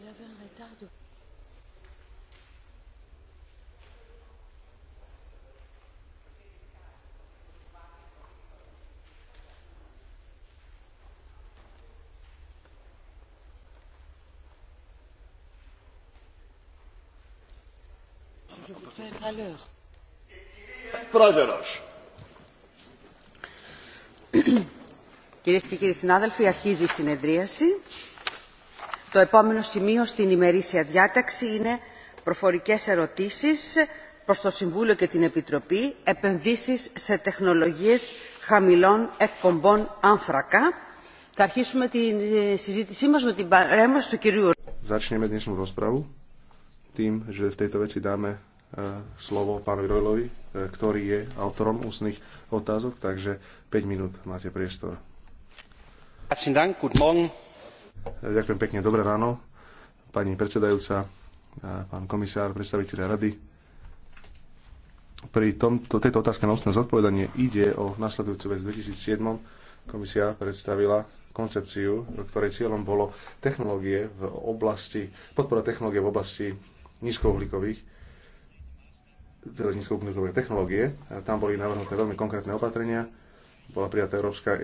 Il avait un retard de je vous prendrai à l'heure. Κυρίες και κύριοι συνάδελφοι, αρχίζει η συνεδρίαση. Το επόμενο σημείο στην ημερήσια διάταξη είναι προφορικές ερωτήσεις προς το Συμβούλιο και την Επιτροπή επενδύσεις σε τεχνολογίες χαμηλών εκπομπών άνθρακα. Θα αρχίσουμε τη συζήτησή μας με την παρέμβαση του κυρίου. Začneme dnešnú rozpravu tým, že v tejto veci dáme E, slovo pánovi Rojlovi, e, ktorý je autorom ústnych otázok, takže 5 minút máte priestor. E, ďakujem pekne, dobré ráno, pani predsedajúca, pán komisár, predstaviteľ rady. Pri tomto, tejto otázke na ústne zodpovedanie ide o nasledujúcu vec. V 2007 komisia predstavila koncepciu, ktorej cieľom bolo technológie v oblasti, podpora technológie v oblasti nízkouhlíkových zdravotnícko umožňované technológie. Tam boli navrhnuté veľmi konkrétne opatrenia. Bola prijatá Európska